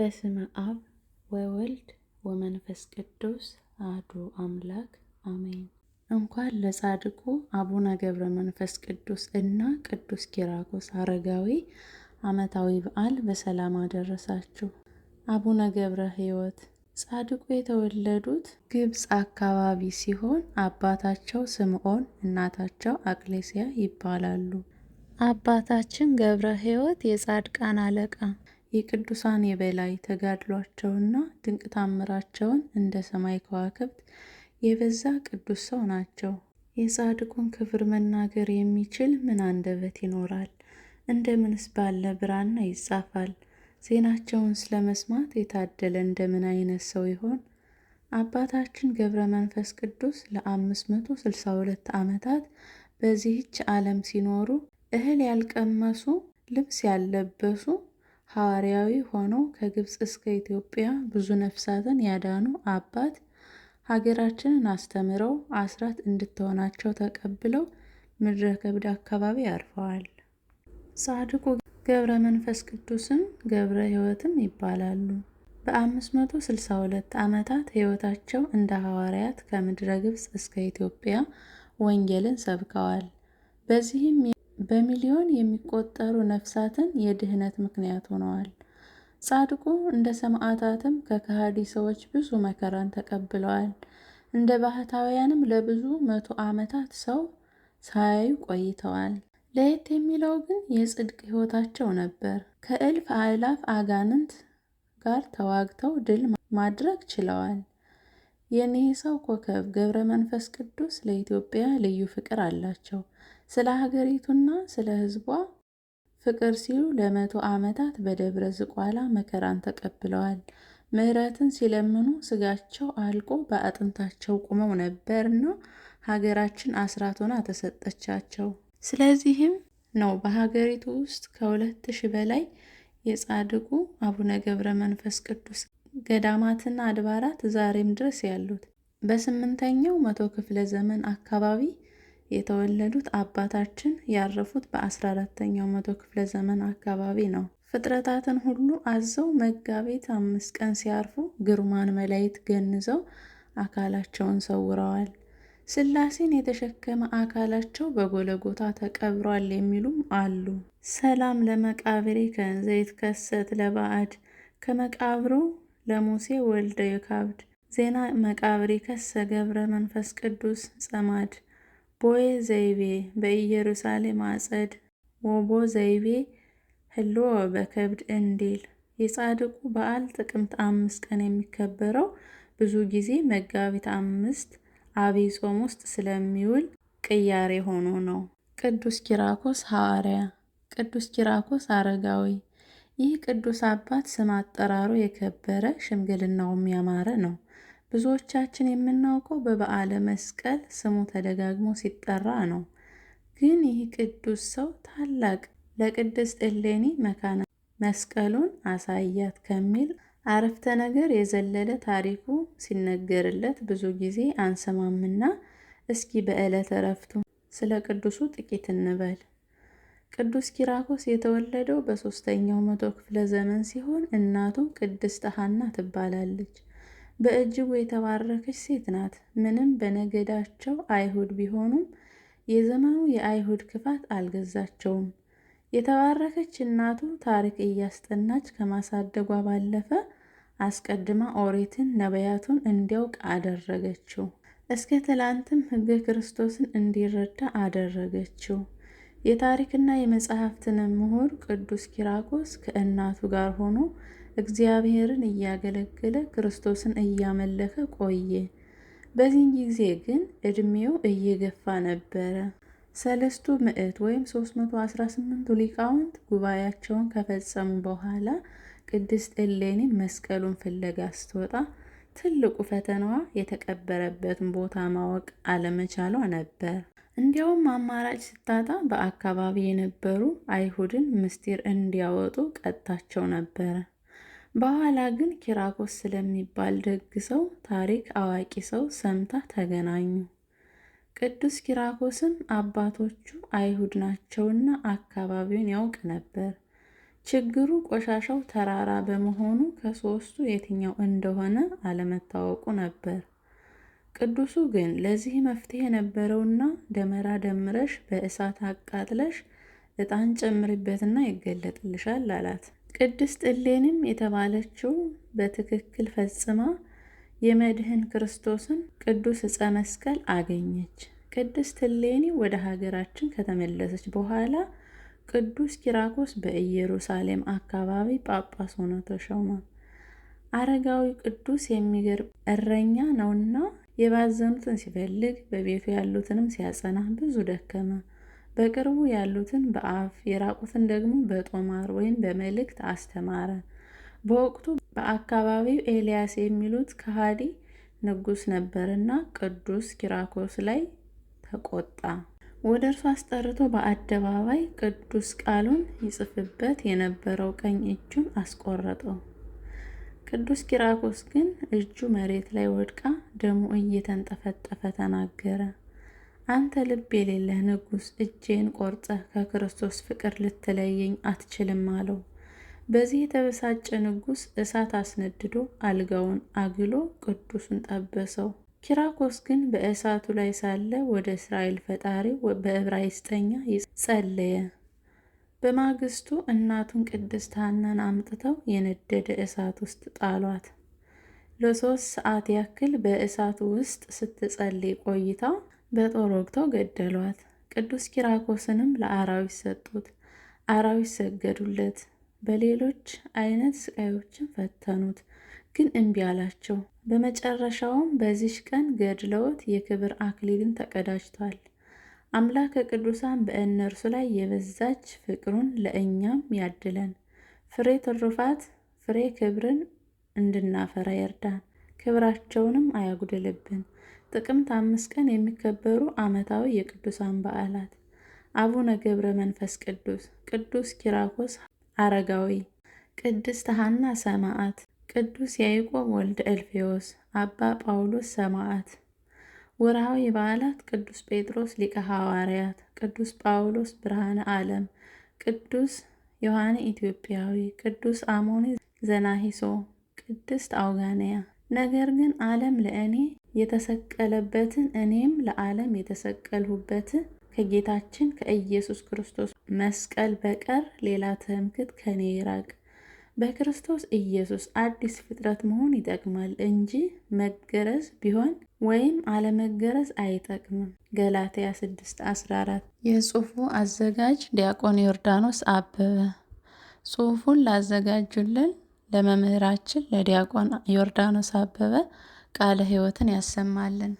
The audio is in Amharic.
በስመ አብ ወወልድ ወመንፈስ ቅዱስ አሐዱ አምላክ አሜን። እንኳን ለጻድቁ አቡነ ገብረ መንፈስ ቅዱስ እና ቅዱስ ኪራኮስ አረጋዊ ዓመታዊ በዓል በሰላም አደረሳችሁ። አቡነ ገብረ ሕይወት ጻድቁ የተወለዱት ግብፅ አካባቢ ሲሆን አባታቸው ስምዖን እናታቸው አቅሌስያ ይባላሉ። አባታችን ገብረ ሕይወት የጻድቃን አለቃ የቅዱሳን የበላይ ተጋድሏቸውና ድንቅ ታምራቸውን እንደ ሰማይ ከዋክብት የበዛ ቅዱስ ሰው ናቸው። የጻድቁን ክብር መናገር የሚችል ምን አንደበት ይኖራል? እንደምንስ ባለ ብራና ይጻፋል? ዜናቸውን ስለ መስማት የታደለ እንደምን አይነት ሰው ይሆን? አባታችን ገብረ መንፈስ ቅዱስ ለአምስት መቶ ስልሳ ሁለት ዓመታት በዚህች ዓለም ሲኖሩ እህል ያልቀመሱ ልብስ ያለበሱ? ሐዋርያዊ ሆነው ከግብፅ እስከ ኢትዮጵያ ብዙ ነፍሳትን ያዳኑ አባት ሀገራችንን አስተምረው አስራት እንድትሆናቸው ተቀብለው ምድረ ከብድ አካባቢ አርፈዋል። ጻድቁ ገብረ መንፈስ ቅዱስም ገብረ ሕይወትም ይባላሉ። በ562 ዓመታት ሕይወታቸው እንደ ሐዋርያት ከምድረ ግብፅ እስከ ኢትዮጵያ ወንጌልን ሰብከዋል። በዚህም በሚሊዮን የሚቆጠሩ ነፍሳትን የድህነት ምክንያት ሆነዋል። ጻድቁ እንደ ሰማዕታትም ከከሃዲ ሰዎች ብዙ መከራን ተቀብለዋል። እንደ ባህታውያንም ለብዙ መቶ ዓመታት ሰው ሳያዩ ቆይተዋል። ለየት የሚለው ግን የጽድቅ ሕይወታቸው ነበር። ከእልፍ አእላፍ አጋንንት ጋር ተዋግተው ድል ማድረግ ችለዋል። የኒህ ሰው ኮከብ ገብረ መንፈስ ቅዱስ ለኢትዮጵያ ልዩ ፍቅር አላቸው። ስለ ሀገሪቱና ስለ ሕዝቧ ፍቅር ሲሉ ለመቶ ዓመታት በደብረ ዝቋላ መከራን ተቀብለዋል። ምሕረትን ሲለምኑ ስጋቸው አልቆ በአጥንታቸው ቁመው ነበርና ሀገራችን አስራት ሆና ተሰጠቻቸው። ስለዚህም ነው በሀገሪቱ ውስጥ ከሁለት ሺህ በላይ የጻድቁ አቡነ ገብረ መንፈስ ቅዱስ ገዳማትና አድባራት ዛሬም ድረስ ያሉት። በስምንተኛው መቶ ክፍለ ዘመን አካባቢ የተወለዱት አባታችን ያረፉት በአስራ አራተኛው መቶ ክፍለ ዘመን አካባቢ ነው። ፍጥረታትን ሁሉ አዘው መጋቢት አምስት ቀን ሲያርፉ ግርማን መላእክት ገንዘው አካላቸውን ሰውረዋል። ስላሴን የተሸከመ አካላቸው በጎለጎታ ተቀብሯል የሚሉም አሉ። ሰላም ለመቃብሬ ከእንዘ ይትከሰት ለባዕድ ከመቃብሩ ለሙሴ ወልደ የካብድ ዜና መቃብሪ ከሰ ገብረ መንፈስ ቅዱስ ጸማድ ቦዬ ዘይቤ በኢየሩሳሌም አጸድ ወቦ ዘይቤ ህሎ በከብድ እንዲል የጻድቁ በዓል ጥቅምት አምስት ቀን የሚከበረው ብዙ ጊዜ መጋቢት አምስት አብይ ጾም ውስጥ ስለሚውል ቅያሬ ሆኖ ነው። ቅዱስ ኪራኮስ ሐዋርያ፣ ቅዱስ ኪራኮስ አረጋዊ። ይህ ቅዱስ አባት ስም አጠራሩ የከበረ ሽምግልናውም ያማረ ነው። ብዙዎቻችን የምናውቀው በበዓለ መስቀል ስሙ ተደጋግሞ ሲጠራ ነው። ግን ይህ ቅዱስ ሰው ታላቅ ለቅድስት እሌኒ መካነ መስቀሉን አሳያት ከሚል አረፍተ ነገር የዘለለ ታሪኩ ሲነገርለት ብዙ ጊዜ አንሰማምና እስኪ በዕለተ እረፍቱ ስለ ቅዱሱ ጥቂት እንበል። ቅዱስ ኪራኮስ የተወለደው በሦስተኛው መቶ ክፍለ ዘመን ሲሆን እናቱ ቅድስት ሐና ትባላለች። በእጅጉ የተባረከች ሴት ናት። ምንም በነገዳቸው አይሁድ ቢሆኑም የዘመኑ የአይሁድ ክፋት አልገዛቸውም። የተባረከች እናቱ ታሪክ እያስጠናች ከማሳደጓ ባለፈ አስቀድማ ኦሪትን፣ ነቢያቱን እንዲያውቅ አደረገችው። እስከ ትላንትም ሕገ ክርስቶስን እንዲረዳ አደረገችው። የታሪክና የመጽሐፍትን ምሁር ቅዱስ ኪራኮስ ከእናቱ ጋር ሆኖ እግዚአብሔርን እያገለገለ ክርስቶስን እያመለከ ቆየ። በዚህን ጊዜ ግን እድሜው እየገፋ ነበረ። ሰለስቱ ምዕት ወይም 318ቱ ሊቃውንት ጉባኤያቸውን ከፈጸሙ በኋላ ቅድስት እሌኒ መስቀሉን ፍለጋ ስትወጣ ትልቁ ፈተናዋ የተቀበረበትን ቦታ ማወቅ አለመቻሏ ነበር። እንዲያውም አማራጭ ስታጣ በአካባቢ የነበሩ አይሁድን ምስጢር እንዲያወጡ ቀጣቸው ነበረ። በኋላ ግን ኪራኮስ ስለሚባል ደግ ሰው ታሪክ አዋቂ ሰው ሰምታ ተገናኙ። ቅዱስ ኪራኮስም አባቶቹ አይሁድ ናቸውና አካባቢውን ያውቅ ነበር። ችግሩ ቆሻሻው ተራራ በመሆኑ ከሶስቱ የትኛው እንደሆነ አለመታወቁ ነበር። ቅዱሱ ግን ለዚህ መፍትሄ ነበረውና ደመራ ደምረሽ በእሳት አቃጥለሽ እጣን ጨምሪበትና ይገለጥልሻል አላት። ቅድስት እሌኒም የተባለችው በትክክል ፈጽማ የመድህን ክርስቶስን ቅዱስ ዕፀ መስቀል አገኘች። ቅድስት ዕሌኒ ወደ ሀገራችን ከተመለሰች በኋላ ቅዱስ ኪራኮስ በኢየሩሳሌም አካባቢ ጳጳስ ሆኖ ተሾመ። አረጋዊ ቅዱስ የሚገርም እረኛ ነውና የባዘኑትን ሲፈልግ በቤቱ ያሉትንም ሲያጸና ብዙ ደከመ። በቅርቡ ያሉትን በአፍ የራቁትን ደግሞ በጦማር ወይም በመልእክት አስተማረ። በወቅቱ በአካባቢው ኤልያስ የሚሉት ከሃዲ ንጉሥ ነበርና ቅዱስ ኪራኮስ ላይ ተቆጣ። ወደ እርሱ አስጠርቶ በአደባባይ ቅዱስ ቃሉን ይጽፍበት የነበረው ቀኝ እጁን አስቆረጠው። ቅዱስ ኪራኮስ ግን እጁ መሬት ላይ ወድቃ ደሙ እየተንጠፈጠፈ ተናገረ። አንተ ልብ የሌለህ ንጉሥ እጄን ቆርጠህ ከክርስቶስ ፍቅር ልትለየኝ አትችልም አለው። በዚህ የተበሳጨ ንጉሥ እሳት አስነድዶ አልጋውን አግሎ ቅዱሱን ጠበሰው። ኪራኮስ ግን በእሳቱ ላይ ሳለ ወደ እስራኤል ፈጣሪ በዕብራይስጥኛ ጸለየ። በማግስቱ እናቱን ቅድስት ሐናን አምጥተው የነደደ እሳት ውስጥ ጣሏት። ለሶስት ሰዓት ያክል በእሳቱ ውስጥ ስትጸልይ ቆይታ በጦር ወግተው ገደሏት። ቅዱስ ኪራኮስንም ለአራዊት ሰጡት፣ አራዊት ሰገዱለት። በሌሎች አይነት ስቃዮችን ፈተኑት፣ ግን እምቢ አላቸው። በመጨረሻውም በዚች ቀን ገድለውት የክብር አክሊልን ተቀዳጅቷል። አምላከ ቅዱሳን በእነርሱ ላይ የበዛች ፍቅሩን ለእኛም ያድለን። ፍሬ ትሩፋት ፍሬ ክብርን እንድናፈራ ይርዳን። ክብራቸውንም አያጉድልብን። ጥቅምት አምስት ቀን የሚከበሩ ዓመታዊ የቅዱሳን በዓላት አቡነ ገብረ መንፈስ ቅዱስ፣ ቅዱስ ኪራኮስ አረጋዊ፣ ቅድስት ሐና ሰማዕት፣ ቅዱስ ያዕቆብ ወልደ እልፌዎስ፣ አባ ጳውሎስ ሰማዕት። ወርሃዊ በዓላት ቅዱስ ጴጥሮስ ሊቀ ሐዋርያት፣ ቅዱስ ጳውሎስ ብርሃነ ዓለም፣ ቅዱስ ዮሐን ኢትዮጵያዊ፣ ቅዱስ አሞኒ ዘናሂሶ፣ ቅድስት አውጋንያ ነገር ግን ዓለም ለእኔ የተሰቀለበትን እኔም ለዓለም የተሰቀልሁበትን ከጌታችን ከኢየሱስ ክርስቶስ መስቀል በቀር ሌላ ትምክህት ከኔ ይራቅ። በክርስቶስ ኢየሱስ አዲስ ፍጥረት መሆን ይጠቅማል እንጂ መገረዝ ቢሆን ወይም አለመገረዝ አይጠቅምም። ገላትያ 6:14 የጽሑፉ አዘጋጅ ዲያቆን ዮርዳኖስ አበበ። ጽሑፉን ላዘጋጁልን ለመምህራችን ለዲያቆን ዮርዳኖስ አበበ ቃለ ሕይወትን ያሰማልን።